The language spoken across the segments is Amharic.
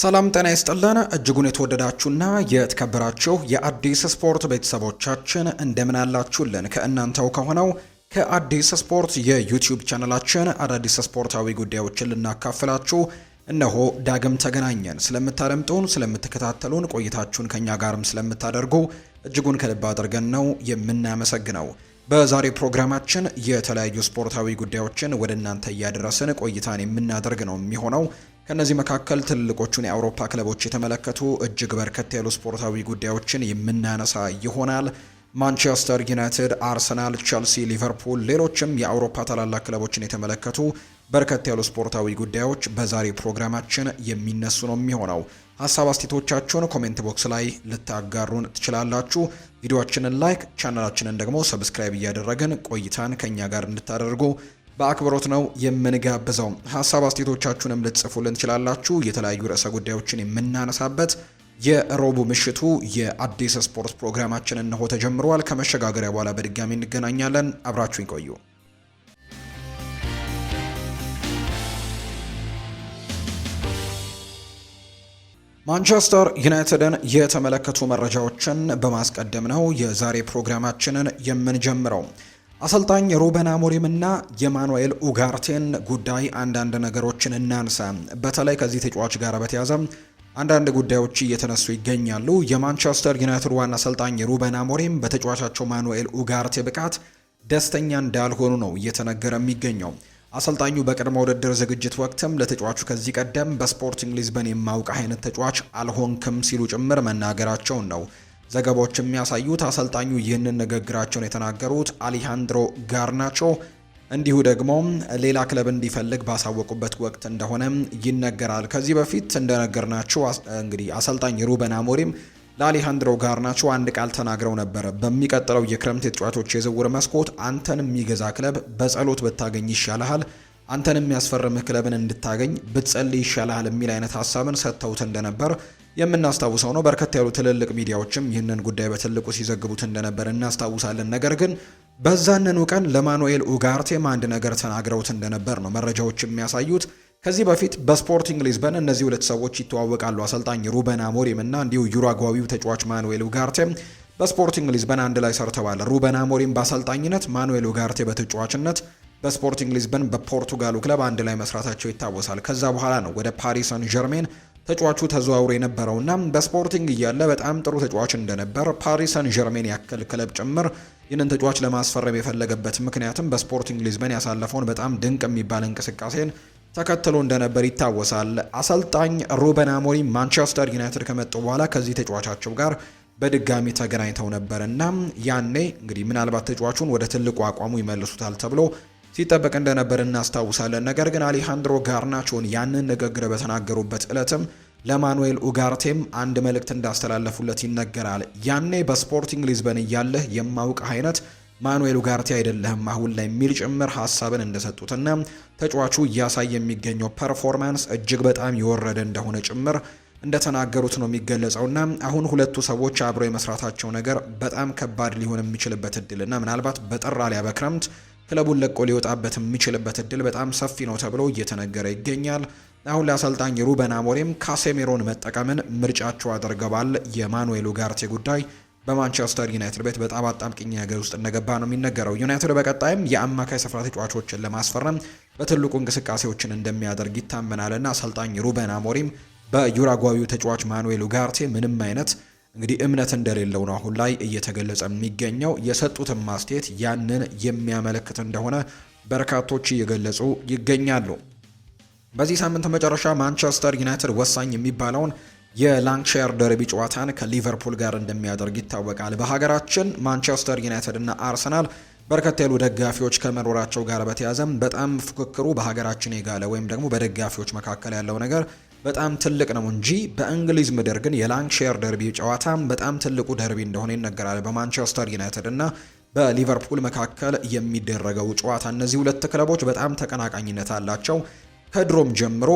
ሰላም ጤና ይስጥልን እጅጉን የተወደዳችሁና የተከበራችሁ የአዲስ ስፖርት ቤተሰቦቻችን እንደምን አላችሁልን? ከእናንተው ከሆነው ከአዲስ ስፖርት የዩቲዩብ ቻነላችን አዳዲስ ስፖርታዊ ጉዳዮችን ልናካፍላችሁ እነሆ ዳግም ተገናኘን። ስለምታደምጡን፣ ስለምትከታተሉን ቆይታችሁን ከእኛ ጋርም ስለምታደርጉ እጅጉን ከልብ አድርገን ነው የምናመሰግነው። በዛሬ ፕሮግራማችን የተለያዩ ስፖርታዊ ጉዳዮችን ወደ እናንተ እያደረስን ቆይታን የምናደርግ ነው የሚሆነው ከእነዚህ መካከል ትልልቆቹን የአውሮፓ ክለቦች የተመለከቱ እጅግ በርከት ያሉ ስፖርታዊ ጉዳዮችን የምናነሳ ይሆናል። ማንቸስተር ዩናይትድ፣ አርሰናል፣ ቸልሲ፣ ሊቨርፑል፣ ሌሎችም የአውሮፓ ታላላቅ ክለቦችን የተመለከቱ በርከት ያሉ ስፖርታዊ ጉዳዮች በዛሬ ፕሮግራማችን የሚነሱ ነው የሚሆነው። ሀሳብ አስቴቶቻችሁን ኮሜንት ቦክስ ላይ ልታጋሩን ትችላላችሁ። ቪዲዮችንን ላይክ፣ ቻናላችንን ደግሞ ሰብስክራይብ እያደረግን ቆይታን ከእኛ ጋር እንድታደርጉ በአክብሮት ነው የምንጋብዘው። ሀሳብ አስቴቶቻችሁንም ልትጽፉልን ትችላላችሁ። የተለያዩ ርዕሰ ጉዳዮችን የምናነሳበት የሮቡ ምሽቱ የአዲስ ስፖርት ፕሮግራማችን እነሆ ተጀምሯል። ከመሸጋገሪያ በኋላ በድጋሚ እንገናኛለን። አብራችሁ ይቆዩ። ማንቸስተር ዩናይትድን የተመለከቱ መረጃዎችን በማስቀደም ነው የዛሬ ፕሮግራማችንን የምንጀምረው። አሰልጣኝ ሩበን አሞሪምና የማኑኤል ኡጋርቴን ጉዳይ አንዳንድ ነገሮችን እናንሳ። በተለይ ከዚህ ተጫዋች ጋር በተያዘ አንዳንድ ጉዳዮች እየተነሱ ይገኛሉ። የማንቸስተር ዩናይትድ ዋና አሰልጣኝ ሩበን አሞሪም በተጫዋቻቸው ማኑኤል ኡጋርቴ ብቃት ደስተኛ እንዳልሆኑ ነው እየተነገረ የሚገኘው። አሰልጣኙ በቅድመ ውድድር ዝግጅት ወቅትም ለተጫዋቹ ከዚህ ቀደም በስፖርቲንግ ሊዝበን የማውቅ አይነት ተጫዋች አልሆንክም ሲሉ ጭምር መናገራቸውን ነው ዘገባዎች የሚያሳዩት አሰልጣኙ ይህንን ንግግራቸውን የተናገሩት አሊሃንድሮ ጋርናቾ እንዲሁ ደግሞ ሌላ ክለብ እንዲፈልግ ባሳወቁበት ወቅት እንደሆነ ይነገራል። ከዚህ በፊት እንደነገርናችሁ እንግዲህ አሰልጣኝ ሩበን አሞሪም ለአሊሃንድሮ ጋርናቾ አንድ ቃል ተናግረው ነበር። በሚቀጥለው የክረምት የተጫዋቾች የዝውውር መስኮት አንተን የሚገዛ ክለብ በጸሎት ብታገኝ ይሻልሃል፣ አንተን የሚያስፈርምህ ክለብን እንድታገኝ ብትጸልይ ይሻልሃል የሚል አይነት ሀሳብን ሰጥተውት እንደነበር የምናስታውሰው ነው። በርከት ያሉ ትልልቅ ሚዲያዎችም ይህንን ጉዳይ በትልቁ ሲዘግቡት እንደነበር እናስታውሳለን። ነገር ግን በዛንኑ ቀን ለማኑኤል ኡጋርቴም አንድ ነገር ተናግረውት እንደነበር ነው መረጃዎች የሚያሳዩት። ከዚህ በፊት በስፖርቲንግ ሊዝበን እነዚህ ሁለት ሰዎች ይተዋወቃሉ። አሰልጣኝ ሩበን አሞሪም እና እንዲሁ ዩራጓዊው ተጫዋች ማኑኤል ኡጋርቴም በስፖርቲንግ ሊዝበን አንድ ላይ ሰርተዋል። ሩበን አሞሪም በአሰልጣኝነት፣ ማኑኤል ኡጋርቴ በተጫዋችነት በስፖርቲንግ ሊዝበን በፖርቱጋሉ ክለብ አንድ ላይ መስራታቸው ይታወሳል። ከዛ በኋላ ነው ወደ ፓሪስ ሰን ጀርሜን ተጫዋቹ ተዘዋውሮ የነበረውና በስፖርቲንግ እያለ በጣም ጥሩ ተጫዋች እንደነበር ፓሪስ ሰን ዠርሜን ያክል ክለብ ጭምር ይህንን ተጫዋች ለማስፈረም የፈለገበት ምክንያትም በስፖርቲንግ ሊዝበን ያሳለፈውን በጣም ድንቅ የሚባል እንቅስቃሴን ተከትሎ እንደነበር ይታወሳል። አሰልጣኝ ሩበን አሞሪ ማንቸስተር ዩናይትድ ከመጡ በኋላ ከዚህ ተጫዋቻቸው ጋር በድጋሚ ተገናኝተው ነበር እና ያኔ እንግዲህ ምናልባት ተጫዋቹን ወደ ትልቁ አቋሙ ይመልሱታል ተብሎ ሲጠበቅ እንደነበር እናስታውሳለን። ነገር ግን አሌሃንድሮ ጋርናቾን ያንን ንግግር በተናገሩበት ዕለትም ለማኑኤል ኡጋርቴም አንድ መልእክት እንዳስተላለፉለት ይነገራል። ያኔ በስፖርቲንግ ሊዝበን እያለህ የማውቅ አይነት ማኑኤል ኡጋርቴ አይደለህም አሁን ላይ የሚል ጭምር ሀሳብን እንደሰጡትና ተጫዋቹ እያሳየ የሚገኘው ፐርፎርማንስ እጅግ በጣም የወረደ እንደሆነ ጭምር እንደተናገሩት ነው የሚገለጸውና አሁን ሁለቱ ሰዎች አብረው የመስራታቸው ነገር በጣም ከባድ ሊሆን የሚችልበት እድልና ምናልባት በጠራ ሊያበክረምት በክረምት ክለቡን ለቆ ሊወጣበት የሚችልበት እድል በጣም ሰፊ ነው ተብሎ እየተነገረ ይገኛል። አሁን ለአሰልጣኝ ሩበን አሞሪም ካሴሜሮን መጠቀምን ምርጫቸው አድርገዋል። የማኑኤሉ ጋርቴ ጉዳይ በማንቸስተር ዩናይትድ ቤት በጣም አጣብቂኝ ነገር ውስጥ እንደገባ ነው የሚነገረው። ዩናይትድ በቀጣይም የአማካይ ስፍራ ተጫዋቾችን ለማስፈረም በትልቁ እንቅስቃሴዎችን እንደሚያደርግ ይታመናልና አሰልጣኝ ሩበን አሞሪም በዩራጓዊው ተጫዋች ማኑኤል ኡጋርቴ ምንም አይነት እንግዲህ እምነት እንደሌለው ነው አሁን ላይ እየተገለጸ የሚገኘው። የሰጡትን ማስቴት ያንን የሚያመለክት እንደሆነ በርካቶች እየገለጹ ይገኛሉ። በዚህ ሳምንት መጨረሻ ማንቸስተር ዩናይትድ ወሳኝ የሚባለውን የላንክሻየር ደርቢ ጨዋታን ከሊቨርፑል ጋር እንደሚያደርግ ይታወቃል። በሀገራችን ማንቸስተር ዩናይትድ እና አርሰናል በርከት ያሉ ደጋፊዎች ከመኖራቸው ጋር በተያያዘም በጣም ፉክክሩ በሀገራችን የጋለ ወይም ደግሞ በደጋፊዎች መካከል ያለው ነገር በጣም ትልቅ ነው እንጂ በእንግሊዝ ምድር ግን የላንክሼር ደርቢ ጨዋታ በጣም ትልቁ ደርቢ እንደሆነ ይነገራል። በማንቸስተር ዩናይትድ እና በሊቨርፑል መካከል የሚደረገው ጨዋታ እነዚህ ሁለት ክለቦች በጣም ተቀናቃኝነት አላቸው። ከድሮም ጀምሮ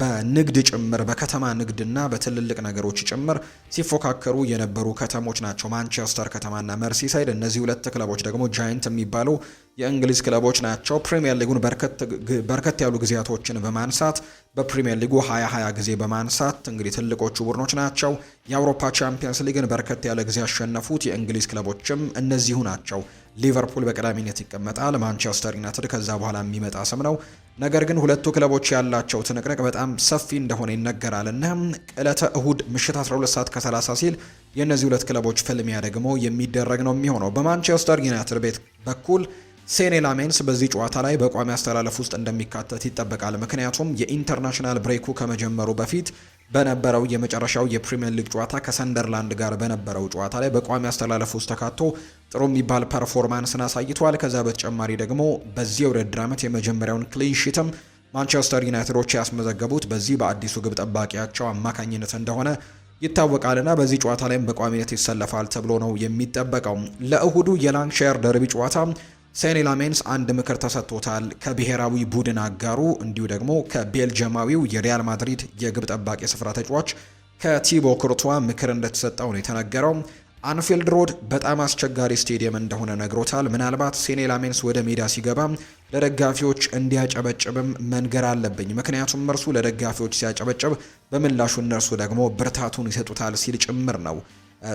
በንግድ ጭምር በከተማ ንግድና በትልልቅ ነገሮች ጭምር ሲፎካከሩ የነበሩ ከተሞች ናቸው ማንቸስተር ከተማና መርሲሳይድ። እነዚህ ሁለት ክለቦች ደግሞ ጃይንት የሚባለው የእንግሊዝ ክለቦች ናቸው። ፕሪምየር ሊጉን በርከት ያሉ ጊዜያቶችን በማንሳት በፕሪምየር ሊጉ 2020 ጊዜ በማንሳት እንግዲህ ትልቆቹ ቡድኖች ናቸው። የአውሮፓ ቻምፒየንስ ሊግን በርከት ያለ ጊዜ ያሸነፉት የእንግሊዝ ክለቦችም እነዚሁ ናቸው። ሊቨርፑል በቀዳሚነት ይቀመጣል። ማንቸስተር ዩናይትድ ከዛ በኋላ የሚመጣ ስም ነው። ነገር ግን ሁለቱ ክለቦች ያላቸው ትንቅንቅ በጣም ሰፊ እንደሆነ ይነገራል እና ዕለተ እሁድ ምሽት 12 ሰዓት ከ30 ሲል የእነዚህ ሁለት ክለቦች ፍልሚያ ደግሞ የሚደረግ ነው የሚሆነው በማንቸስተር ዩናይትድ ቤት በኩል ሴኔ ላሜንስ በዚህ ጨዋታ ላይ በቋሚ አስተላለፍ ውስጥ እንደሚካተት ይጠበቃል። ምክንያቱም የኢንተርናሽናል ብሬኩ ከመጀመሩ በፊት በነበረው የመጨረሻው የፕሪምየር ሊግ ጨዋታ ከሰንደርላንድ ጋር በነበረው ጨዋታ ላይ በቋሚ አስተላለፍ ውስጥ ተካቶ ጥሩ የሚባል ፐርፎርማንስን አሳይቷል። ከዛ በተጨማሪ ደግሞ በዚህ የውድድር ዓመት የመጀመሪያውን ክሊንሺትም ማንቸስተር ዩናይትዶች ያስመዘገቡት በዚህ በአዲሱ ግብ ጠባቂያቸው አማካኝነት እንደሆነ ይታወቃልና በዚህ ጨዋታ ላይም በቋሚነት ይሰለፋል ተብሎ ነው የሚጠበቀው። ለእሁዱ የላንክሻየር ደርቢ ጨዋታ ሴኒ ላሜንስ አንድ ምክር ተሰጥቶታል ከብሔራዊ ቡድን አጋሩ እንዲሁ ደግሞ ከቤልጅየማዊው የሪያል ማድሪድ የግብ ጠባቂ ስፍራ ተጫዋች ከቲቦ ክርቷ ምክር እንደተሰጠው ነው የተነገረው። አንፊልድ ሮድ በጣም አስቸጋሪ ስቴዲየም እንደሆነ ነግሮታል። ምናልባት ሴኔ ላሜንስ ወደ ሜዳ ሲገባ ለደጋፊዎች እንዲያጨበጭብም መንገር አለብኝ፣ ምክንያቱም እርሱ ለደጋፊዎች ሲያጨበጭብ በምላሹ እነርሱ ደግሞ ብርታቱን ይሰጡታል ሲል ጭምር ነው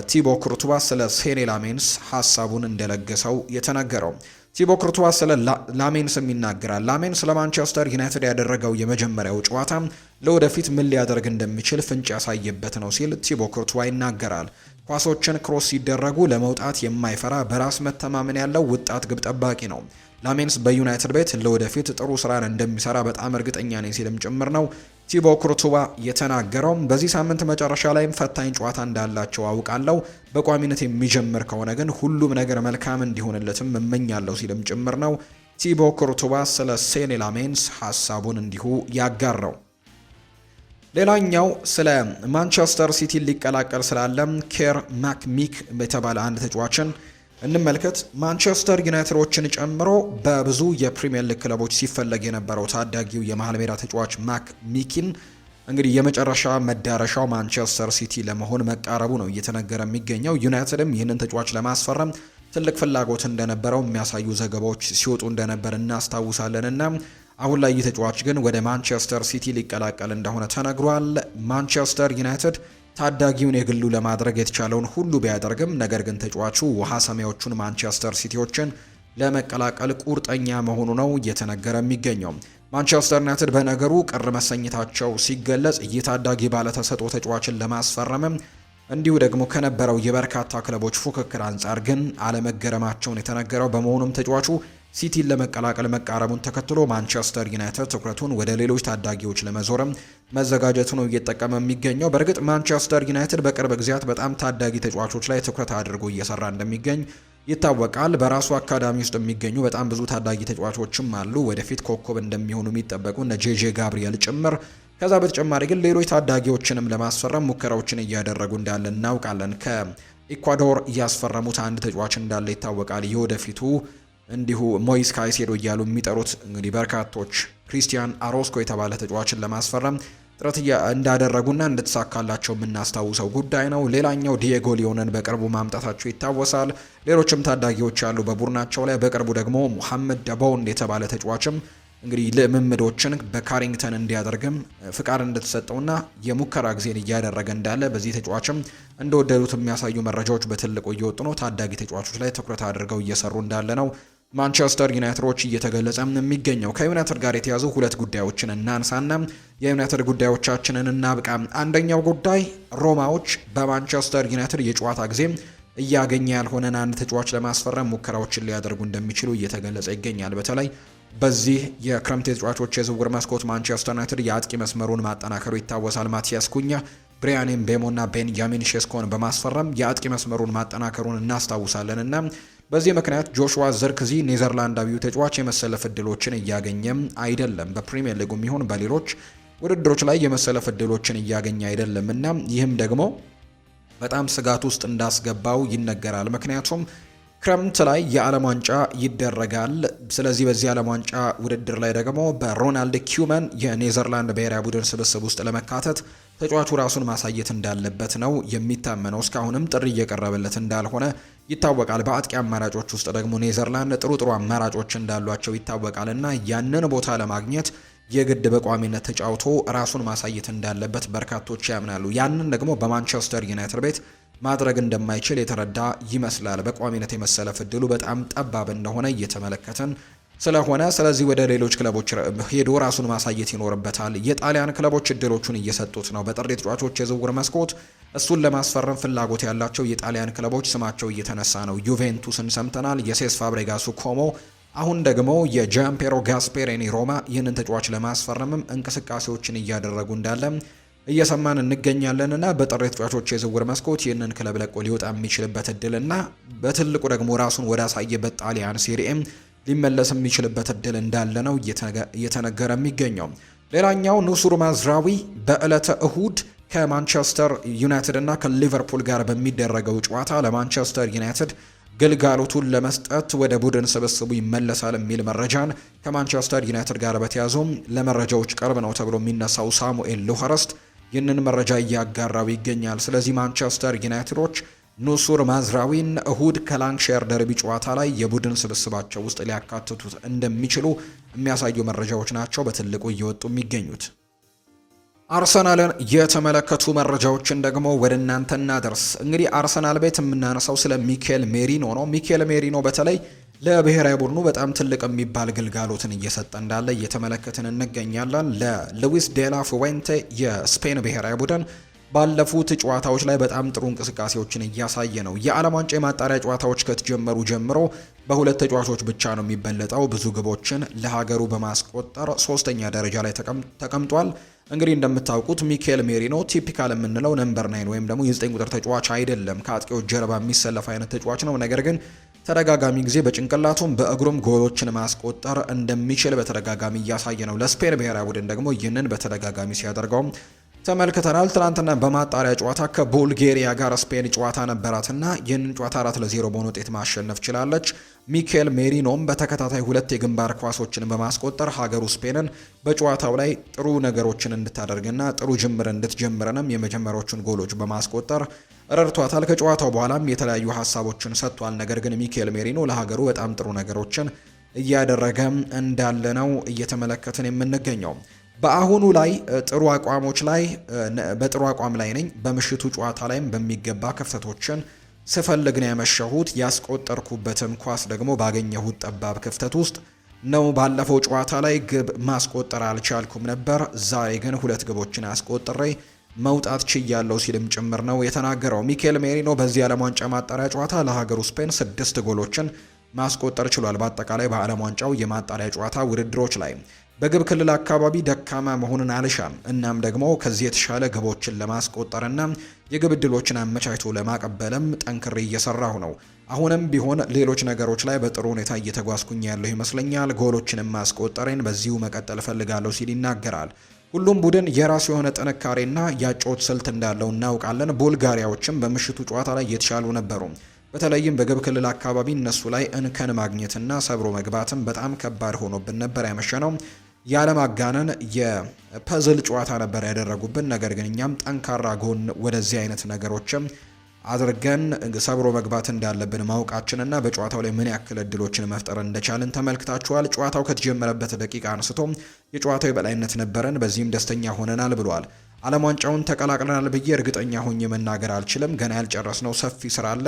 ቲቦ ክርቱባ ስለ ሴኔ ላሜንስ ሀሳቡን እንደለገሰው የተነገረው። ቲቦ ክርቱዋ ስለ ላሜንስም ይናገራል። ስለ ለማንቸስተር ዩናይትድ ያደረገው የመጀመሪያው ጨዋታ ለወደፊት ምን ሊያደርግ እንደሚችል ፍንጭ ያሳየበት ነው ሲል ቲቦ ክርቱዋ ይናገራል። ኳሶችን ክሮስ ሲደረጉ ለመውጣት የማይፈራ በራስ መተማመን ያለው ወጣት ግብ ጠባቂ ነው። ላሜንስ በዩናይትድ ቤት ለወደፊት ጥሩ ስራን እንደሚሰራ በጣም እርግጠኛ ነኝ ሲልም ጭምር ነው ቲቦ ኩርቱባ የተናገረው በዚህ ሳምንት መጨረሻ ላይም ፈታኝ ጨዋታ እንዳላቸው አውቃለሁ። በቋሚነት የሚጀምር ከሆነ ግን ሁሉም ነገር መልካም እንዲሆንለትም እመኛለሁ ሲልም ጭምር ነው ቲቦ ኩርቱባ ስለ ሴኔ ላሜንስ ሀሳቡን እንዲሁ ያጋራው። ሌላኛው ስለ ማንቸስተር ሲቲ ሊቀላቀል ስላለም ኬር ማክሚክ የተባለ አንድ ተጫዋችን እንመልከት። ማንቸስተር ዩናይትዶችን ጨምሮ በብዙ የፕሪምየር ሊግ ክለቦች ሲፈለግ የነበረው ታዳጊው የመሀል ሜዳ ተጫዋች ማክ ሚኪን እንግዲህ የመጨረሻ መዳረሻው ማንቸስተር ሲቲ ለመሆን መቃረቡ ነው እየተነገረ የሚገኘው። ዩናይትድም ይህንን ተጫዋች ለማስፈረም ትልቅ ፍላጎት እንደነበረው የሚያሳዩ ዘገባዎች ሲወጡ እንደነበር እናስታውሳለንና አሁን ላይ ይህ ተጫዋች ግን ወደ ማንቸስተር ሲቲ ሊቀላቀል እንደሆነ ተነግሯል። ማንቸስተር ዩናይትድ ታዳጊውን የግሉ ለማድረግ የተቻለውን ሁሉ ቢያደርግም ነገር ግን ተጫዋቹ ውሃ ሰማያዎቹን ማንቸስተር ሲቲዎችን ለመቀላቀል ቁርጠኛ መሆኑ ነው እየተነገረ የሚገኘው። ማንቸስተር ዩናይትድ በነገሩ ቅር መሰኝታቸው ሲገለጽ ይህ ታዳጊ ባለተሰጥኦ ተጫዋችን ለማስፈረምም እንዲሁ ደግሞ ከነበረው የበርካታ ክለቦች ፉክክር አንጻር ግን አለመገረማቸውን የተነገረው በመሆኑም ተጫዋቹ ሲቲን ለመቀላቀል መቃረቡን ተከትሎ ማንቸስተር ዩናይትድ ትኩረቱን ወደ ሌሎች ታዳጊዎች ለመዞርም መዘጋጀቱ ነው እየጠቀመ የሚገኘው። በእርግጥ ማንቸስተር ዩናይትድ በቅርብ ጊዜያት በጣም ታዳጊ ተጫዋቾች ላይ ትኩረት አድርጎ እየሰራ እንደሚገኝ ይታወቃል። በራሱ አካዳሚ ውስጥ የሚገኙ በጣም ብዙ ታዳጊ ተጫዋቾችም አሉ፣ ወደፊት ኮከብ እንደሚሆኑ የሚጠበቁ እነ ጄጄ ጋብሪኤል ጭምር። ከዛ በተጨማሪ ግን ሌሎች ታዳጊዎችንም ለማስፈረም ሙከራዎችን እያደረጉ እንዳለ እናውቃለን። ከኢኳዶር እያስፈረሙት አንድ ተጫዋች እንዳለ ይታወቃል። የወደፊቱ እንዲሁ ሞይስ ካይሴዶ እያሉ የሚጠሩት እንግዲህ በርካቶች ክሪስቲያን አሮስኮ የተባለ ተጫዋችን ለማስፈረም ጥረት እንዳደረጉና እንደተሳካላቸው የምናስታውሰው ጉዳይ ነው። ሌላኛው ዲየጎ ሊዮንን በቅርቡ ማምጣታቸው ይታወሳል። ሌሎችም ታዳጊዎች ያሉ በቡድናቸው ላይ በቅርቡ ደግሞ ሙሐመድ ደቦንድ የተባለ ተጫዋችም እንግዲህ ልምምዶችን በካሪንግተን እንዲያደርግም ፍቃድ እንደተሰጠውና የሙከራ ጊዜን እያደረገ እንዳለ በዚህ ተጫዋችም እንደወደዱት የሚያሳዩ መረጃዎች በትልቁ እየወጡ ነው። ታዳጊ ተጫዋቾች ላይ ትኩረት አድርገው እየሰሩ እንዳለ ነው ማንቸስተር ዩናይትዶች እየተገለጸ የሚገኘው ከዩናይትድ ጋር የተያዙ ሁለት ጉዳዮችን እናንሳና የዩናይትድ ጉዳዮቻችንን እናብቃ። አንደኛው ጉዳይ ሮማዎች በማንቸስተር ዩናይትድ የጨዋታ ጊዜ እያገኘ ያልሆነን አንድ ተጫዋች ለማስፈረም ሙከራዎችን ሊያደርጉ እንደሚችሉ እየተገለጸ ይገኛል። በተለይ በዚህ የክረምት የተጫዋቾች የዝውውር መስኮት ማንቸስተር ዩናይትድ የአጥቂ መስመሩን ማጠናከሩ ይታወሳል። ማቲያስ ኩኛ ብሪያን ምቤሞና ቤንጃሚን ሼስኮን በማስፈረም የአጥቂ መስመሩን ማጠናከሩን እናስታውሳለን እና በዚህ ምክንያት ጆሹዋ ዘርክዚ ኔዘርላንዳዊው ተጫዋች የመሰለፍ እድሎችን እያገኘም አይደለም። በፕሪምየር ሊጉም ይሁን በሌሎች ውድድሮች ላይ የመሰለፍ እድሎችን እያገኘ አይደለም እና ይህም ደግሞ በጣም ስጋት ውስጥ እንዳስገባው ይነገራል። ምክንያቱም ክረምት ላይ የዓለም ዋንጫ ይደረጋል። ስለዚህ በዚህ ዓለም ዋንጫ ውድድር ላይ ደግሞ በሮናልድ ኪውመን የኔዘርላንድ ብሔራዊ ቡድን ስብስብ ውስጥ ለመካተት ተጫዋቹ ራሱን ማሳየት እንዳለበት ነው የሚታመነው። እስካሁንም ጥሪ እየቀረበለት እንዳልሆነ ይታወቃል። በአጥቂ አማራጮች ውስጥ ደግሞ ኔዘርላንድ ጥሩ ጥሩ አማራጮች እንዳሏቸው ይታወቃል እና ያንን ቦታ ለማግኘት የግድ በቋሚነት ተጫውቶ ራሱን ማሳየት እንዳለበት በርካቶች ያምናሉ። ያንን ደግሞ በማንቸስተር ዩናይትድ ቤት ማድረግ እንደማይችል የተረዳ ይመስላል። በቋሚነት የመሰለፍ እድሉ በጣም ጠባብ እንደሆነ እየተመለከትን ስለሆነ ስለዚህ ወደ ሌሎች ክለቦች ሄዶ ራሱን ማሳየት ይኖርበታል። የጣሊያን ክለቦች እድሎቹን እየሰጡት ነው። በጥሬ ተጫዋቾች የዝውውር መስኮት እሱን ለማስፈረም ፍላጎት ያላቸው የጣሊያን ክለቦች ስማቸው እየተነሳ ነው። ዩቬንቱስን ሰምተናል። የሴስ ፋብሬጋሱ ኮሞ፣ አሁን ደግሞ የጃምፔሮ ጋስፔሬኒ ሮማ ይህንን ተጫዋች ለማስፈረምም እንቅስቃሴዎችን እያደረጉ እንዳለም እየሰማን እንገኛለንና በጥር ተጫዋቾች የዝውውር መስኮት ይህንን ክለብ ለቆ ሊወጣ የሚችልበት እድልና በትልቁ ደግሞ ራሱን ወደ አሳየበት ጣሊያን ሴሪኤም ሊመለስ የሚችልበት እድል እንዳለ ነው እየተነገረ የሚገኘው። ሌላኛው ኑሱር ማዝራዊ በዕለተ እሁድ ከማንቸስተር ዩናይትድ እና ከሊቨርፑል ጋር በሚደረገው ጨዋታ ለማንቸስተር ዩናይትድ ግልጋሎቱን ለመስጠት ወደ ቡድን ስብስቡ ይመለሳል የሚል መረጃን ከማንቸስተር ዩናይትድ ጋር በተያዙም ለመረጃዎች ቅርብ ነው ተብሎ የሚነሳው ሳሙኤል ሉሃረስት ይህንን መረጃ እያጋራው ይገኛል። ስለዚህ ማንቸስተር ዩናይትዶች ኑሱር ማዝራዊን እሁድ ከላንክሻየር ደርቢ ጨዋታ ላይ የቡድን ስብስባቸው ውስጥ ሊያካትቱት እንደሚችሉ የሚያሳዩ መረጃዎች ናቸው በትልቁ እየወጡ የሚገኙት። አርሰናልን የተመለከቱ መረጃዎችን ደግሞ ወደ እናንተ እናደርስ። እንግዲህ አርሰናል ቤት የምናነሳው ስለ ሚኬል ሜሪኖ ነው። ሚኬል ሜሪኖ በተለይ ለብሔራዊ ቡድኑ በጣም ትልቅ የሚባል ግልጋሎትን እየሰጠ እንዳለ እየተመለከትን እንገኛለን። ለሉዊስ ዴላ ፉዌንቴ የስፔን ብሔራዊ ቡድን ባለፉት ጨዋታዎች ላይ በጣም ጥሩ እንቅስቃሴዎችን እያሳየ ነው። የዓለም ዋንጫ የማጣሪያ ጨዋታዎች ከተጀመሩ ጀምሮ በሁለት ተጫዋቾች ብቻ ነው የሚበለጠው። ብዙ ግቦችን ለሀገሩ በማስቆጠር ሶስተኛ ደረጃ ላይ ተቀምጧል። እንግዲህ እንደምታውቁት ሚኬል ሜሪኖ ቲፒካል የምንለው ነምበር ናይን ወይም ደግሞ የዘጠኝ ቁጥር ተጫዋች አይደለም። ከአጥቂዎች ጀርባ የሚሰለፍ አይነት ተጫዋች ነው። ነገር ግን ተደጋጋሚ ጊዜ በጭንቅላቱም በእግሩም ጎሎችን ማስቆጠር እንደሚችል በተደጋጋሚ እያሳየ ነው። ለስፔን ብሔራዊ ቡድን ደግሞ ይህንን በተደጋጋሚ ሲያደርገው ተመልክተናል። ትናንትና በማጣሪያ ጨዋታ ከቡልጌሪያ ጋር ስፔን ጨዋታ ነበራትና ይህንን ጨዋታ አራት ለዜሮ በሆነ ውጤት ማሸነፍ ችላለች። ሚኬል ሜሪኖም በተከታታይ ሁለት የግንባር ኳሶችን በማስቆጠር ሀገሩ ስፔንን በጨዋታው ላይ ጥሩ ነገሮችን እንድታደርግና ጥሩ ጅምር እንድትጀምረንም የመጀመሪያዎቹን ጎሎች በማስቆጠር ረድቷታል። ከጨዋታው በኋላም የተለያዩ ሀሳቦችን ሰጥቷል። ነገር ግን ሚኬል ሜሪኖ ለሀገሩ በጣም ጥሩ ነገሮችን እያደረገ እንዳለ ነው እየተመለከትን የምንገኘው። በአሁኑ ላይ ጥሩ አቋሞች ላይ በጥሩ አቋም ላይ ነኝ። በምሽቱ ጨዋታ ላይም በሚገባ ክፍተቶችን ስፈልግ ነው ያመሸሁት። ያስቆጠርኩበትም ኳስ ደግሞ ባገኘሁት ጠባብ ክፍተት ውስጥ ነው። ባለፈው ጨዋታ ላይ ግብ ማስቆጠር አልቻልኩም ነበር። ዛሬ ግን ሁለት ግቦችን አስቆጥሬ መውጣት ችያለው ሲልም ጭምር ነው የተናገረው። ሚኬል ሜሪኖ በዚህ ዓለም ዋንጫ ማጣሪያ ጨዋታ ለሀገሩ ስፔን ስድስት ጎሎችን ማስቆጠር ችሏል። በአጠቃላይ በዓለም ዋንጫው የማጣሪያ ጨዋታ ውድድሮች ላይ በግብ ክልል አካባቢ ደካማ መሆንን አልሻም፣ እናም ደግሞ ከዚህ የተሻለ ግቦችን ለማስቆጠርና የግብ ዕድሎችን አመቻችቶ ለማቀበልም ጠንክሬ እየሰራሁ ነው። አሁንም ቢሆን ሌሎች ነገሮች ላይ በጥሩ ሁኔታ እየተጓዝኩኝ ያለሁ ይመስለኛል። ጎሎችንም ማስቆጠሬን በዚሁ መቀጠል እፈልጋለሁ ሲል ይናገራል። ሁሉም ቡድን የራሱ የሆነ ጥንካሬና ያጮት ስልት እንዳለው እናውቃለን። ቡልጋሪያዎችም በምሽቱ ጨዋታ ላይ የተሻሉ ነበሩ። በተለይም በግብ ክልል አካባቢ እነሱ ላይ እንከን ማግኘትና ሰብሮ መግባትም በጣም ከባድ ሆኖብን ነበር። ያመሸነው ያለማጋነን የፐዝል ጨዋታ ነበር ያደረጉብን። ነገር ግን እኛም ጠንካራ ጎን ወደዚህ አይነት ነገሮችም አድርገን ሰብሮ መግባት እንዳለብን ማወቃችንና በጨዋታው ላይ ምን ያክል እድሎችን መፍጠር እንደቻልን ተመልክታችኋል። ጨዋታው ከተጀመረበት ደቂቃ አንስቶ የጨዋታው የበላይነት ነበረን፣ በዚህም ደስተኛ ሆነናል ብሏል። ዓለም ዋንጫውን ተቀላቅለናል ብዬ እርግጠኛ ሆኜ መናገር አልችልም። ገና ያልጨረስነው ሰፊ ስራ አለ።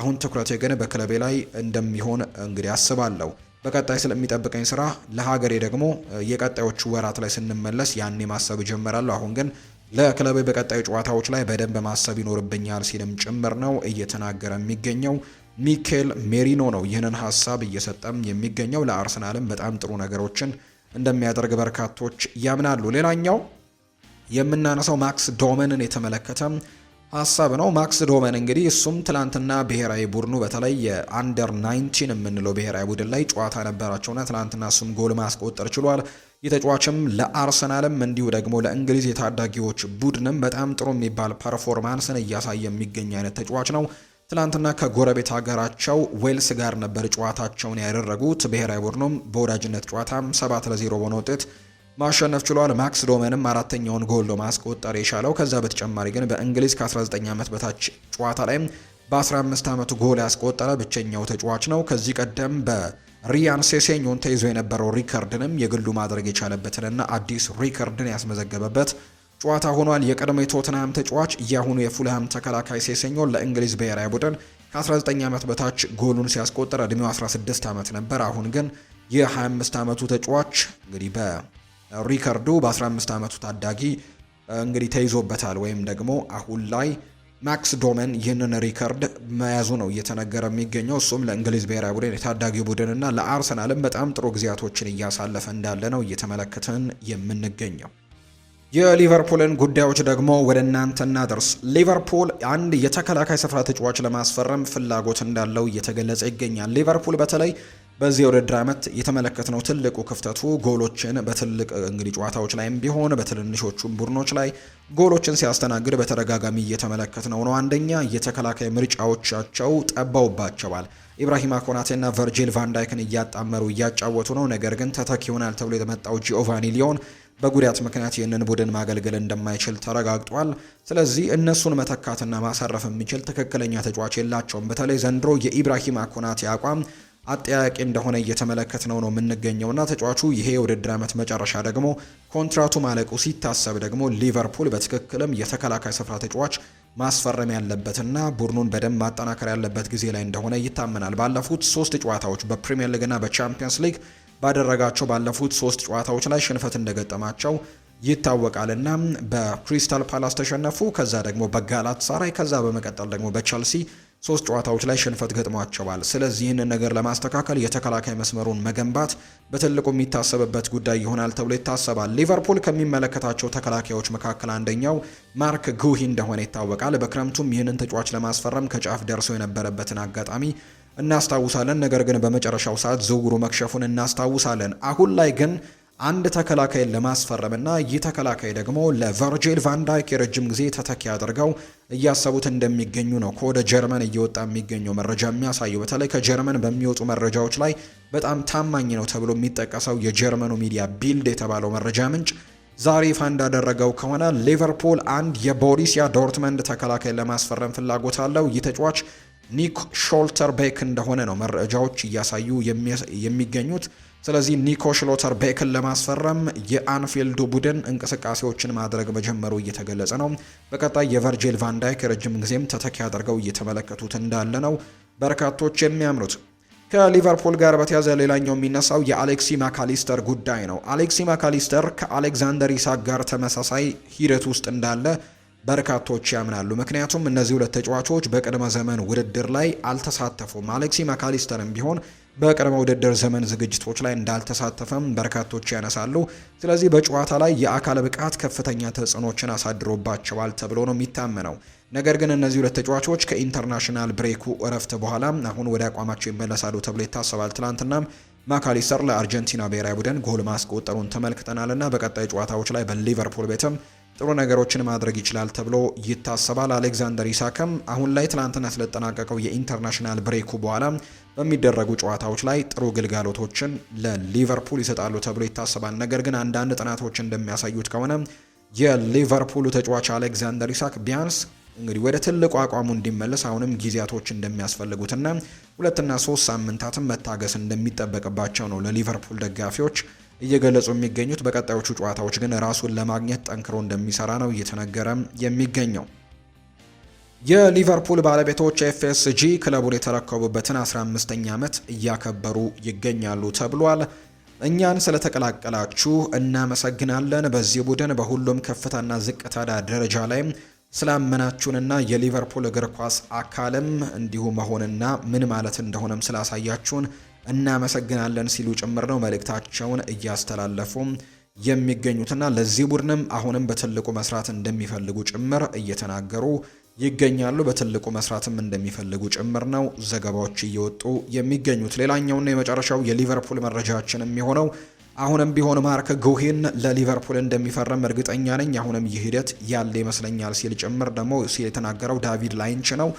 አሁን ትኩረቴ ግን በክለቤ ላይ እንደሚሆን እንግዲህ አስባለሁ። በቀጣይ ስለሚጠብቀኝ ስራ ለሀገሬ ደግሞ የቀጣዮቹ ወራት ላይ ስንመለስ ያኔ ማሰብ እጀምራለሁ። አሁን ግን ለክለብ በቀጣዩ ጨዋታዎች ላይ በደንብ ማሰብ ይኖርብኛል ሲልም ጭምር ነው እየተናገረ የሚገኘው። ሚኬል ሜሪኖ ነው ይህንን ሀሳብ እየሰጠም የሚገኘው። ለአርሰናልም በጣም ጥሩ ነገሮችን እንደሚያደርግ በርካቶች ያምናሉ። ሌላኛው የምናነሳው ማክስ ዶመንን የተመለከተ ሀሳብ ነው። ማክስ ዶመን እንግዲህ እሱም ትላንትና ብሔራዊ ቡድኑ በተለይ የአንደር ናይንቲን የምንለው ብሔራዊ ቡድን ላይ ጨዋታ ነበራቸውና ትላንትና እሱም ጎል ማስቆጠር ችሏል። ይህ ተጫዋችም ለአርሰናልም እንዲሁ ደግሞ ለእንግሊዝ የታዳጊዎች ቡድንም በጣም ጥሩ የሚባል ፐርፎርማንስን እያሳየ የሚገኝ አይነት ተጫዋች ነው። ትላንትና ከጎረቤት ሀገራቸው ዌልስ ጋር ነበር ጨዋታቸውን ያደረጉት። ብሔራዊ ቡድኑም በወዳጅነት ጨዋታ ሰባት ለዜሮ በሆነ ውጤት ማሸነፍ ችሏል። ማክስ ዶመንም አራተኛውን ጎል ማስቆጠር የቻለው ከዛ በተጨማሪ ግን በእንግሊዝ ከ19 ዓመት በታች ጨዋታ ላይ በ15 ዓመቱ ጎል ያስቆጠረ ብቸኛው ተጫዋች ነው። ከዚህ ቀደም በ ሪያን ሴሴኞን ተይዞ የነበረው ሪከርድንም የግሉ ማድረግ የቻለበትንና አዲስ ሪከርድን ያስመዘገበበት ጨዋታ ሆኗል። የቀድሞ የቶትንሃም ተጫዋች የአሁኑ የፉልሃም ተከላካይ ሴሴኞን ለእንግሊዝ ብሔራዊ ቡድን ከ19 ዓመት በታች ጎሉን ሲያስቆጠር እድሜው 16 ዓመት ነበር። አሁን ግን የ25 ዓመቱ ተጫዋች እንግዲህ በሪከርዱ በ15 ዓመቱ ታዳጊ እንግዲህ ተይዞበታል ወይም ደግሞ አሁን ላይ ማክስ ዶመን ይህንን ሪከርድ መያዙ ነው እየተነገረ የሚገኘው። እሱም ለእንግሊዝ ብሔራዊ ቡድን የታዳጊ ቡድንና ለአርሰናልም በጣም ጥሩ ጊዜያቶችን እያሳለፈ እንዳለ ነው እየተመለከትን የምንገኘው። የሊቨርፑልን ጉዳዮች ደግሞ ወደ እናንተ እናደርስ። ሊቨርፑል አንድ የተከላካይ ስፍራ ተጫዋች ለማስፈረም ፍላጎት እንዳለው እየተገለጸ ይገኛል። ሊቨርፑል በተለይ በዚህ የውድድር ዓመት የተመለከትነው ትልቁ ክፍተቱ ጎሎችን በትልቅ እንግዲህ ጨዋታዎች ላይም ቢሆን በትንንሾቹም ቡድኖች ላይ ጎሎችን ሲያስተናግድ በተደጋጋሚ እየተመለከትነው ነው። አንደኛ የተከላካይ ምርጫዎቻቸው ጠባውባቸዋል። ኢብራሂማ ኮናቴና ቨርጂል ቫንዳይክን እያጣመሩ እያጫወቱ ነው። ነገር ግን ተተኪ ይሆናል ተብሎ የተመጣው ጂኦቫኒ ሊዮን በጉዳት ምክንያት ይህንን ቡድን ማገልገል እንደማይችል ተረጋግጧል። ስለዚህ እነሱን መተካትና ማሳረፍ የሚችል ትክክለኛ ተጫዋች የላቸውም። በተለይ ዘንድሮ የኢብራሂማ ኮናቴ አቋም አጠያቂ እንደሆነ እየተመለከት ነው ነው የምንገኘውና ተጫዋቹ ይሄ የውድድር ዓመት መጨረሻ ደግሞ ኮንትራቱ ማለቁ ሲታሰብ ደግሞ ሊቨርፑል በትክክልም የተከላካይ ስፍራ ተጫዋች ማስፈረም ያለበትና ቡድኑን በደንብ ማጠናከር ያለበት ጊዜ ላይ እንደሆነ ይታመናል። ባለፉት ሶስት ጨዋታዎች በፕሪምየር ሊግና በቻምፒየንስ ሊግ ባደረጋቸው ባለፉት ሶስት ጨዋታዎች ላይ ሽንፈት እንደገጠማቸው ይታወቃል እና በክሪስታል ፓላስ ተሸነፉ፣ ከዛ ደግሞ በጋላት ሳራይ፣ ከዛ በመቀጠል ደግሞ በቸልሲ ሶስት ጨዋታዎች ላይ ሽንፈት ገጥሟቸዋል። ስለዚህ ይህንን ነገር ለማስተካከል የተከላካይ መስመሩን መገንባት በትልቁ የሚታሰብበት ጉዳይ ይሆናል ተብሎ ይታሰባል። ሊቨርፑል ከሚመለከታቸው ተከላካዮች መካከል አንደኛው ማርክ ጉሂ እንደሆነ ይታወቃል። በክረምቱም ይህንን ተጫዋች ለማስፈረም ከጫፍ ደርሶ የነበረበትን አጋጣሚ እናስታውሳለን። ነገር ግን በመጨረሻው ሰዓት ዝውውሩ መክሸፉን እናስታውሳለን። አሁን ላይ ግን አንድ ተከላካይን ለማስፈረምና ይህ ተከላካይ ደግሞ ለቨርጂል ቫንዳይክ የረጅም ጊዜ ተተኪ አድርገው እያሰቡት እንደሚገኙ ነው ከወደ ጀርመን እየወጣ የሚገኘው መረጃ የሚያሳየው። በተለይ ከጀርመን በሚወጡ መረጃዎች ላይ በጣም ታማኝ ነው ተብሎ የሚጠቀሰው የጀርመኑ ሚዲያ ቢልድ የተባለው መረጃ ምንጭ ዛሬ ይፋ እንዳደረገው ከሆነ ሊቨርፑል አንድ የቦሪሲያ ዶርትመንድ ተከላካይ ለማስፈረም ፍላጎት አለው። ይህ ተጫዋች ኒክ ሾልተር ቤክ እንደሆነ ነው መረጃዎች እያሳዩ የሚገኙት። ስለዚህ ኒኮ ሽሎተር ቤክን ለማስፈረም የአንፊልዱ ቡድን እንቅስቃሴዎችን ማድረግ መጀመሩ እየተገለጸ ነው። በቀጣይ የቨርጂል ቫንዳይክ ረጅም ጊዜም ተተኪ አድርገው እየተመለከቱት እንዳለ ነው በርካቶች የሚያምኑት። ከሊቨርፑል ጋር በተያዘ ሌላኛው የሚነሳው የአሌክሲ ማካሊስተር ጉዳይ ነው። አሌክሲ ማካሊስተር ከአሌክዛንደር ኢሳክ ጋር ተመሳሳይ ሂደት ውስጥ እንዳለ በርካቶች ያምናሉ። ምክንያቱም እነዚህ ሁለት ተጫዋቾች በቅድመ ዘመን ውድድር ላይ አልተሳተፉም። አሌክሲ ማካሊስተርም ቢሆን በቅድመ ውድድር ዘመን ዝግጅቶች ላይ እንዳልተሳተፈም በርካቶች ያነሳሉ። ስለዚህ በጨዋታ ላይ የአካል ብቃት ከፍተኛ ተጽዕኖችን አሳድሮባቸዋል ተብሎ ነው የሚታመነው። ነገር ግን እነዚህ ሁለት ተጫዋቾች ከኢንተርናሽናል ብሬኩ እረፍት በኋላ አሁን ወደ አቋማቸው ይመለሳሉ ተብሎ ይታሰባል። ትላንትና ማካሊስተር ለአርጀንቲና ብሔራዊ ቡድን ጎል ማስቆጠሩን ተመልክተናልና በቀጣይ ጨዋታዎች ላይ በሊቨርፑል ቤትም ጥሩ ነገሮችን ማድረግ ይችላል ተብሎ ይታሰባል። አሌክዛንደር ኢሳክም አሁን ላይ ትላንትና ስለጠናቀቀው የኢንተርናሽናል ብሬኩ በኋላ በሚደረጉ ጨዋታዎች ላይ ጥሩ ግልጋሎቶችን ለሊቨርፑል ይሰጣሉ ተብሎ ይታሰባል። ነገር ግን አንዳንድ ጥናቶች እንደሚያሳዩት ከሆነ የሊቨርፑሉ ተጫዋች አሌክዛንደር ኢሳክ ቢያንስ እንግዲህ ወደ ትልቁ አቋሙ እንዲመለስ አሁንም ጊዜያቶች እንደሚያስፈልጉትና ሁለትና ሶስት ሳምንታትም መታገስ እንደሚጠበቅባቸው ነው ለሊቨርፑል ደጋፊዎች እየገለጹ የሚገኙት። በቀጣዮቹ ጨዋታዎች ግን ራሱን ለማግኘት ጠንክሮ እንደሚሰራ ነው እየተነገረ የሚገኘው። የሊቨርፑል ባለቤቶች ኤፍኤስጂ ክለቡን የተረከቡበትን 15ኛ ዓመት እያከበሩ ይገኛሉ ተብሏል። እኛን ስለተቀላቀላችሁ እናመሰግናለን። በዚህ ቡድን በሁሉም ከፍታና ዝቅታዳ ደረጃ ላይ ስላመናችሁንና የሊቨርፑል እግር ኳስ አካልም እንዲሁ መሆንና ምን ማለት እንደሆነም ስላሳያችሁን እናመሰግናለን ሲሉ ጭምር ነው መልእክታቸውን እያስተላለፉ የሚገኙትና ለዚህ ቡድንም አሁንም በትልቁ መስራት እንደሚፈልጉ ጭምር እየተናገሩ ይገኛሉ። በትልቁ መስራትም እንደሚፈልጉ ጭምር ነው ዘገባዎች እየወጡ የሚገኙት። ሌላኛውና የመጨረሻው የሊቨርፑል መረጃችን የሚሆነው አሁንም ቢሆን ማርክ ጉሂን ለሊቨርፑል እንደሚፈርም እርግጠኛ ነኝ። አሁንም ይህ ሂደት ያለ ይመስለኛል ሲል ጭምር ደግሞ ሲል የተናገረው ዳቪድ ላይንች ነው።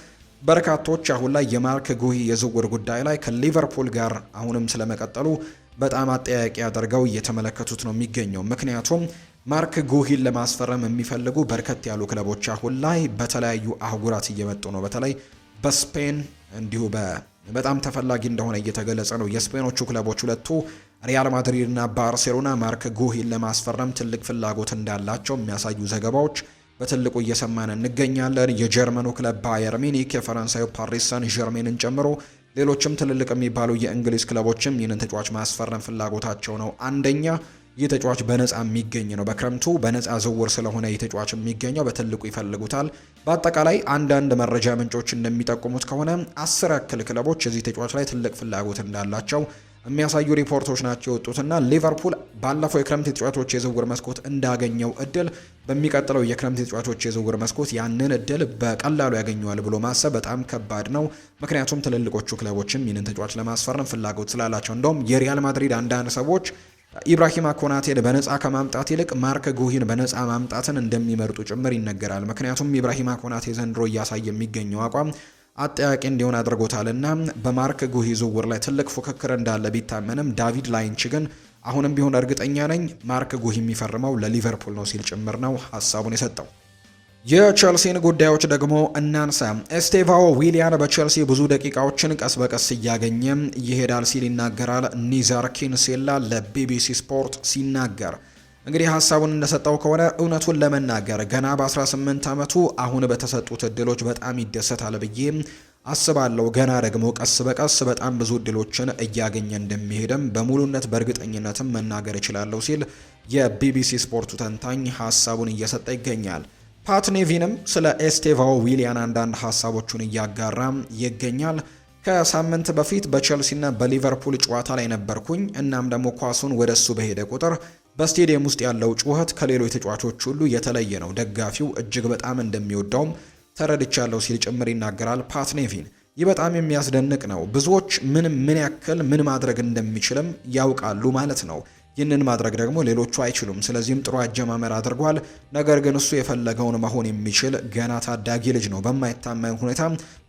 በርካቶች አሁን ላይ የማርክ ጉሂ የዝውውር ጉዳይ ላይ ከሊቨርፑል ጋር አሁንም ስለመቀጠሉ በጣም አጠያቂ አድርገው እየተመለከቱት ነው የሚገኘው ምክንያቱም ማርክ ጉሂን ለማስፈረም የሚፈልጉ በርከት ያሉ ክለቦች አሁን ላይ በተለያዩ አህጉራት እየመጡ ነው። በተለይ በስፔን እንዲሁ በጣም ተፈላጊ እንደሆነ እየተገለጸ ነው። የስፔኖቹ ክለቦች ሁለቱ ሪያል ማድሪድ እና ባርሴሎና ማርክ ጉሂን ለማስፈረም ትልቅ ፍላጎት እንዳላቸው የሚያሳዩ ዘገባዎች በትልቁ እየሰማን እንገኛለን። የጀርመኑ ክለብ ባየር ሚኒክ፣ የፈረንሳዩ ፓሪስ ዠርሜንን ጨምሮ ሌሎችም ትልልቅ የሚባሉ የእንግሊዝ ክለቦችም ይህንን ተጫዋች ማስፈረም ፍላጎታቸው ነው። አንደኛ ይህ ተጫዋች በነፃ የሚገኝ ነው። በክረምቱ በነፃ ዝውውር ስለሆነ ይህ ተጫዋች የሚገኘው በትልቁ ይፈልጉታል። በአጠቃላይ አንዳንድ መረጃ ምንጮች እንደሚጠቁሙት ከሆነ አስር ያክል ክለቦች እዚህ ተጫዋች ላይ ትልቅ ፍላጎት እንዳላቸው የሚያሳዩ ሪፖርቶች ናቸው የወጡትና ሊቨርፑል ባለፈው የክረምት የተጫዋቾች የዝውውር መስኮት እንዳገኘው እድል በሚቀጥለው የክረምት የተጫዋቾች የዝውውር መስኮት ያንን እድል በቀላሉ ያገኘዋል ብሎ ማሰብ በጣም ከባድ ነው። ምክንያቱም ትልልቆቹ ክለቦችም ይህንን ተጫዋች ለማስፈረም ፍላጎት ስላላቸው እንደውም የሪያል ማድሪድ አንዳንድ ሰዎች ኢብራሂማ ኮናቴን በነፃ ከማምጣት ይልቅ ማርክ ጉሂን በነፃ ማምጣትን እንደሚመርጡ ጭምር ይነገራል። ምክንያቱም ኢብራሂማ ኮናቴ ዘንድሮ እያሳየ የሚገኘው አቋም አጠያቂ እንዲሆን አድርጎታልና በማርክ ጉሂ ዝውውር ላይ ትልቅ ፉክክር እንዳለ ቢታመንም ዳቪድ ላይንች ግን አሁንም ቢሆን እርግጠኛ ነኝ ማርክ ጉሂ የሚፈርመው ለሊቨርፑል ነው ሲል ጭምር ነው ሀሳቡን የሰጠው። የቸልሲን ጉዳዮች ደግሞ እናንሳ። ኤስቴቫኦ ዊሊያን በቸልሲ ብዙ ደቂቃዎችን ቀስ በቀስ እያገኘ ይሄዳል ሲል ይናገራል ኒዛር ኪንሴላ ለቢቢሲ ስፖርት ሲናገር። እንግዲህ ሀሳቡን እንደሰጠው ከሆነ እውነቱን ለመናገር ገና በ18 ዓመቱ አሁን በተሰጡት እድሎች በጣም ይደሰታል ብዬ አስባለሁ። ገና ደግሞ ቀስ በቀስ በጣም ብዙ እድሎችን እያገኘ እንደሚሄድም በሙሉነት በእርግጠኝነትም መናገር እችላለሁ ሲል የቢቢሲ ስፖርቱ ተንታኝ ሀሳቡን እየሰጠ ይገኛል። ፓትኔቪንም ስለ ኤስቴቫ ዊሊያን አንዳንድ ሀሳቦቹን እያጋራ ይገኛል። ከሳምንት በፊት በቼልሲና በሊቨርፑል ጨዋታ ላይ ነበርኩኝ። እናም ደግሞ ኳሱን ወደ እሱ በሄደ ቁጥር በስቴዲየም ውስጥ ያለው ጩኸት ከሌሎች ተጫዋቾች ሁሉ የተለየ ነው። ደጋፊው እጅግ በጣም እንደሚወዳውም ተረድቻለሁ ሲል ጭምር ይናገራል ፓትኔቪን። ይህ በጣም የሚያስደንቅ ነው። ብዙዎች ምን ምን ያክል ምን ማድረግ እንደሚችልም ያውቃሉ ማለት ነው። ይህንን ማድረግ ደግሞ ሌሎቹ አይችሉም። ስለዚህም ጥሩ አጀማመር አድርጓል። ነገር ግን እሱ የፈለገውን መሆን የሚችል ገና ታዳጊ ልጅ ነው። በማይታመን ሁኔታ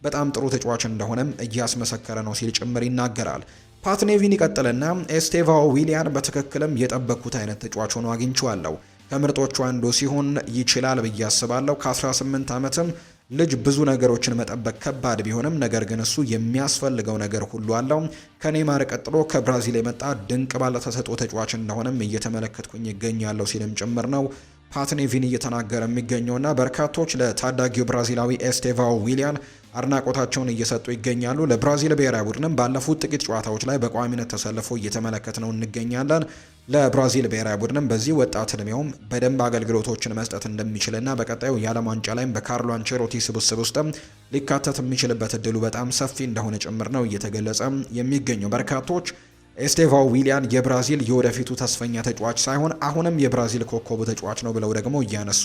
በጣም ጥሩ ተጫዋች እንደሆነም እያስመሰከረ ነው ሲል ጭምር ይናገራል። ፓትኔቪን ይቀጥልና ኤስቴቫ ዊሊያን በትክክልም የጠበኩት አይነት ተጫዋች ሆኖ አግኝቼዋለሁ። ከምርጦቹ አንዱ ሲሆን ይችላል ብዬ አስባለሁ። ከ18 ዓመትም ልጅ ብዙ ነገሮችን መጠበቅ ከባድ ቢሆንም ነገር ግን እሱ የሚያስፈልገው ነገር ሁሉ አለው። ከኔማር ቀጥሎ ከብራዚል የመጣ ድንቅ ባለተሰጥኦ ተጫዋች እንደሆነም እየተመለከትኩኝ ይገኛለሁ ሲልም ጭምር ነው ፓትኔቪን እየተናገረ የሚገኘውና በርካቶች ለታዳጊው ብራዚላዊ ኤስቴቫው ዊሊያን አድናቆታቸውን እየሰጡ ይገኛሉ። ለብራዚል ብሔራዊ ቡድንም ባለፉት ጥቂት ጨዋታዎች ላይ በቋሚነት ተሰልፎ እየተመለከት ነው እንገኛለን። ለብራዚል ብሔራዊ ቡድንም በዚህ ወጣት እድሜውም በደንብ አገልግሎቶችን መስጠት እንደሚችልና በቀጣዩ የዓለም ዋንጫ ላይም በካርሎ አንቸሎቲ ስብስብ ውስጥም ሊካተት የሚችልበት እድሉ በጣም ሰፊ እንደሆነ ጭምር ነው እየተገለጸ የሚገኘው። በርካቶች ኤስቴቫ ዊሊያን የብራዚል የወደፊቱ ተስፈኛ ተጫዋች ሳይሆን አሁንም የብራዚል ኮከቡ ተጫዋች ነው ብለው ደግሞ እያነሱ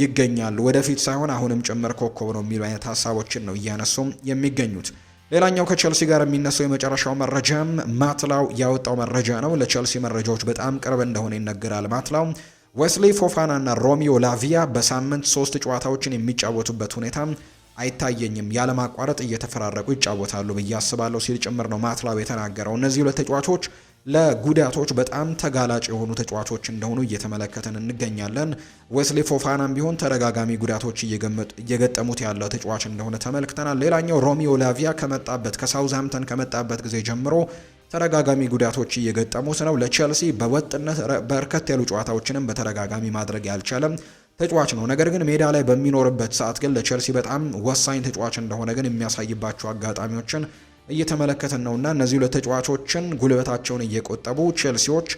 ይገኛሉ። ወደፊት ሳይሆን አሁንም ጭምር ኮከብ ነው የሚሉ አይነት ሀሳቦችን ነው እያነሱም የሚገኙት። ሌላኛው ከቸልሲ ጋር የሚነሳው የመጨረሻው መረጃም ማትላው ያወጣው መረጃ ነው። ለቸልሲ መረጃዎች በጣም ቅርብ እንደሆነ ይነገራል። ማትላው ዌስሊ ፎፋና እና ሮሚዮ ላቪያ በሳምንት ሶስት ጨዋታዎችን የሚጫወቱበት ሁኔታ አይታየኝም፣ ያለማቋረጥ እየተፈራረቁ ይጫወታሉ ብዬ አስባለሁ ሲል ጭምር ነው ማትላው የተናገረው። እነዚህ ሁለት ተጫዋቾች ለጉዳቶች በጣም ተጋላጭ የሆኑ ተጫዋቾች እንደሆኑ እየተመለከተን እንገኛለን። ዌስሊ ፎፋናም ቢሆን ተደጋጋሚ ጉዳቶች እየገጠሙት ያለው ተጫዋች እንደሆነ ተመልክተናል። ሌላኛው ሮሚዮ ላቪያ ከመጣበት ከሳውዝሃምተን ከመጣበት ጊዜ ጀምሮ ተደጋጋሚ ጉዳቶች እየገጠሙት ነው። ለቼልሲ በወጥነት በርከት ያሉ ጨዋታዎችንም በተደጋጋሚ ማድረግ ያልቻለም ተጫዋች ነው። ነገር ግን ሜዳ ላይ በሚኖርበት ሰዓት ግን ለቼልሲ በጣም ወሳኝ ተጫዋች እንደሆነ ግን የሚያሳይባቸው አጋጣሚዎችን እየተመለከትን ነውና እነዚህ ሁለት ተጫዋቾችን ጉልበታቸውን እየቆጠቡ ቼልሲዎች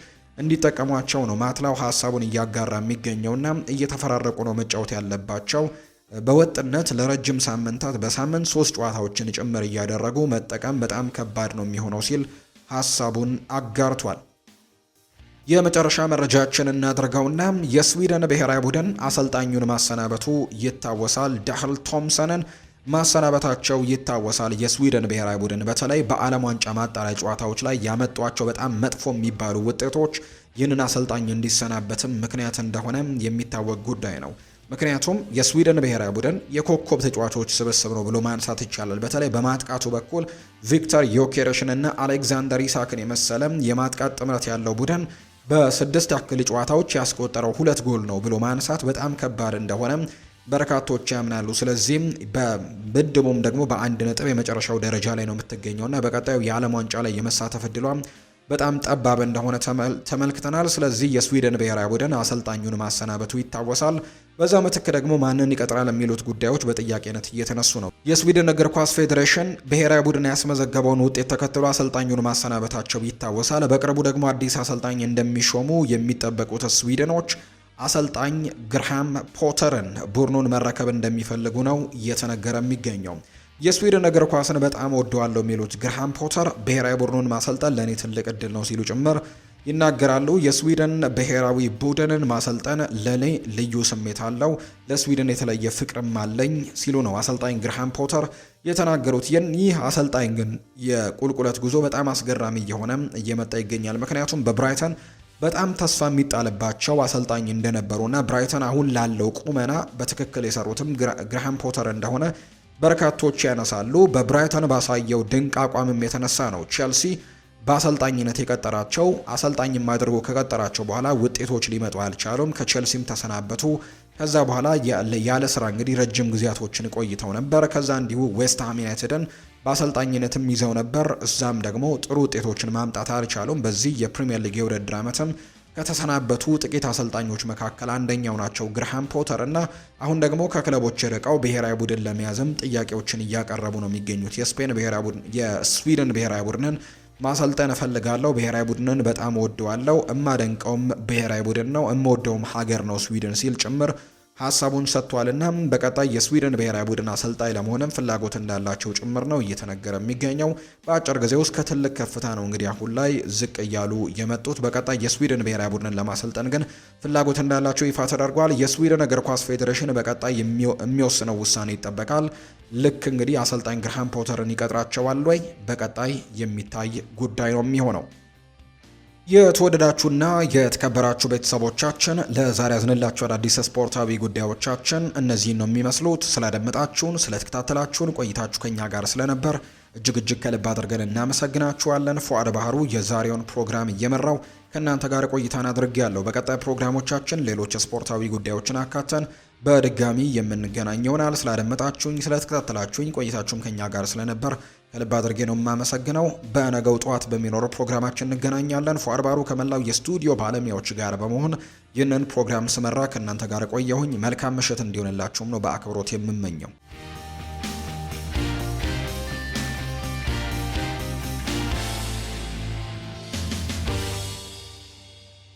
እንዲጠቀሟቸው ነው ማትላው ሀሳቡን እያጋራ የሚገኘውና እየተፈራረቁ ነው መጫወት ያለባቸው በወጥነት ለረጅም ሳምንታት በሳምንት ሶስት ጨዋታዎችን ጭምር እያደረጉ መጠቀም በጣም ከባድ ነው የሚሆነው ሲል ሀሳቡን አጋርቷል። የመጨረሻ መረጃችን እናድርገውና የስዊድን ብሔራዊ ቡድን አሰልጣኙን ማሰናበቱ ይታወሳል። ዳህል ቶምሰንን ማሰናበታቸው ይታወሳል። የስዊድን ብሔራዊ ቡድን በተለይ በዓለም ዋንጫ ማጣሪያ ጨዋታዎች ላይ ያመጧቸው በጣም መጥፎ የሚባሉ ውጤቶች ይህንን አሰልጣኝ እንዲሰናበትም ምክንያት እንደሆነ የሚታወቅ ጉዳይ ነው። ምክንያቱም የስዊድን ብሔራዊ ቡድን የኮከብ ተጫዋቾች ስብስብ ነው ብሎ ማንሳት ይቻላል። በተለይ በማጥቃቱ በኩል ቪክተር ዮኬረሽን እና አሌክዛንደር ኢሳክን የመሰለ የማጥቃት ጥምረት ያለው ቡድን በስድስት ያክል ጨዋታዎች ያስቆጠረው ሁለት ጎል ነው ብሎ ማንሳት በጣም ከባድ እንደሆነ በርካቶች ያምናሉ። ስለዚህም በምድቡም ደግሞ በአንድ ነጥብ የመጨረሻው ደረጃ ላይ ነው የምትገኘውና በቀጣዩ የዓለም ዋንጫ ላይ የመሳተፍ እድሏ በጣም ጠባብ እንደሆነ ተመልክተናል። ስለዚህ የስዊድን ብሔራዊ ቡድን አሰልጣኙን ማሰናበቱ ይታወሳል። በዛ ምትክ ደግሞ ማንን ይቀጥራል የሚሉት ጉዳዮች በጥያቄነት እየተነሱ ነው። የስዊድን እግር ኳስ ፌዴሬሽን ብሔራዊ ቡድን ያስመዘገበውን ውጤት ተከትሎ አሰልጣኙን ማሰናበታቸው ይታወሳል። በቅርቡ ደግሞ አዲስ አሰልጣኝ እንደሚሾሙ የሚጠበቁት ስዊድኖች አሰልጣኝ ግርሃም ፖተርን ቡድኑን መረከብ እንደሚፈልጉ ነው እየተነገረ የሚገኘው። የስዊድን እግር ኳስን በጣም ወደዋለሁ የሚሉት ግርሃም ፖተር ብሔራዊ ቡድኑን ማሰልጠን ለእኔ ትልቅ እድል ነው ሲሉ ጭምር ይናገራሉ። የስዊድን ብሔራዊ ቡድንን ማሰልጠን ለእኔ ልዩ ስሜት አለው፣ ለስዊድን የተለየ ፍቅርም አለኝ ሲሉ ነው አሰልጣኝ ግርሃም ፖተር የተናገሩት። ይህ አሰልጣኝ ግን የቁልቁለት ጉዞ በጣም አስገራሚ እየሆነ እየመጣ ይገኛል። ምክንያቱም በብራይተን በጣም ተስፋ የሚጣልባቸው አሰልጣኝ እንደነበሩና ብራይተን አሁን ላለው ቁመና በትክክል የሰሩትም ግራሃም ፖተር እንደሆነ በርካቶች ያነሳሉ። በብራይተን ባሳየው ድንቅ አቋምም የተነሳ ነው ቼልሲ በአሰልጣኝነት የቀጠራቸው አሰልጣኝም አድርጎ ከቀጠራቸው በኋላ ውጤቶች ሊመጡ አልቻሉም። ከቼልሲም ተሰናበቱ። ከዛ በኋላ ያለ ስራ እንግዲህ ረጅም ጊዜያቶችን ቆይተው ነበር። ከዛ እንዲሁ ዌስትሃም ዩናይትድን በአሰልጣኝነትም ይዘው ነበር። እዛም ደግሞ ጥሩ ውጤቶችን ማምጣት አልቻሉም። በዚህ የፕሪምየር ሊግ የውድድር ዓመትም ከተሰናበቱ ጥቂት አሰልጣኞች መካከል አንደኛው ናቸው ግርሃም ፖተር እና አሁን ደግሞ ከክለቦች የርቀው ብሔራዊ ቡድን ለመያዝም ጥያቄዎችን እያቀረቡ ነው የሚገኙት የስፔን ብሔራዊ ቡድን የስዊድን ብሔራዊ ቡድንን ማሰልጠን እፈልጋለሁ። ብሔራዊ ቡድንን በጣም ወደዋለሁ። እማደንቀውም ብሔራዊ ቡድን ነው፣ እምወደውም ሀገር ነው ስዊድን ሲል ጭምር ሀሳቡን ሰጥቷልና በቀጣይ የስዊድን ብሔራዊ ቡድን አሰልጣኝ ለመሆንም ፍላጎት እንዳላቸው ጭምር ነው እየተነገረ የሚገኘው። በአጭር ጊዜ ውስጥ ከትልቅ ከፍታ ነው እንግዲህ አሁን ላይ ዝቅ እያሉ የመጡት። በቀጣይ የስዊድን ብሔራዊ ቡድንን ለማሰልጠን ግን ፍላጎት እንዳላቸው ይፋ ተደርጓል። የስዊድን እግር ኳስ ፌዴሬሽን በቀጣይ የሚወስነው ውሳኔ ይጠበቃል። ልክ እንግዲህ አሰልጣኝ ግርሃም ፖተርን ይቀጥራቸዋል ወይ? በቀጣይ የሚታይ ጉዳይ ነው የሚሆነው። የተወደዳችሁና የተከበራችሁ ቤተሰቦቻችን ለዛሬ ያዝንላችሁ አዳዲስ ስፖርታዊ ጉዳዮቻችን እነዚህን ነው የሚመስሉት። ስላደመጣችሁን፣ ስለተከታተላችሁን ቆይታችሁ ከኛ ጋር ስለነበር እጅግ እጅግ ከልብ አድርገን እናመሰግናችኋለን። ፉአድ ባህሩ የዛሬውን ፕሮግራም እየመራው ከእናንተ ጋር ቆይታን አድርግ ያለው። በቀጣይ ፕሮግራሞቻችን ሌሎች ስፖርታዊ ጉዳዮችን አካተን በድጋሚ የምንገናኘውናል። ስላደመጣችሁኝ፣ ስለተከታተላችሁኝ ቆይታችሁም ከኛ ጋር ስለነበር ከልብ አድርጌ ነው የማመሰግነው። በነገው ጠዋት በሚኖረው ፕሮግራማችን እንገናኛለን። ፏርባሩ ከመላው የስቱዲዮ ባለሙያዎች ጋር በመሆን ይህንን ፕሮግራም ስመራ ከእናንተ ጋር ቆየሁኝ። መልካም ምሽት እንዲሆንላችሁም ነው በአክብሮት የምመኘው።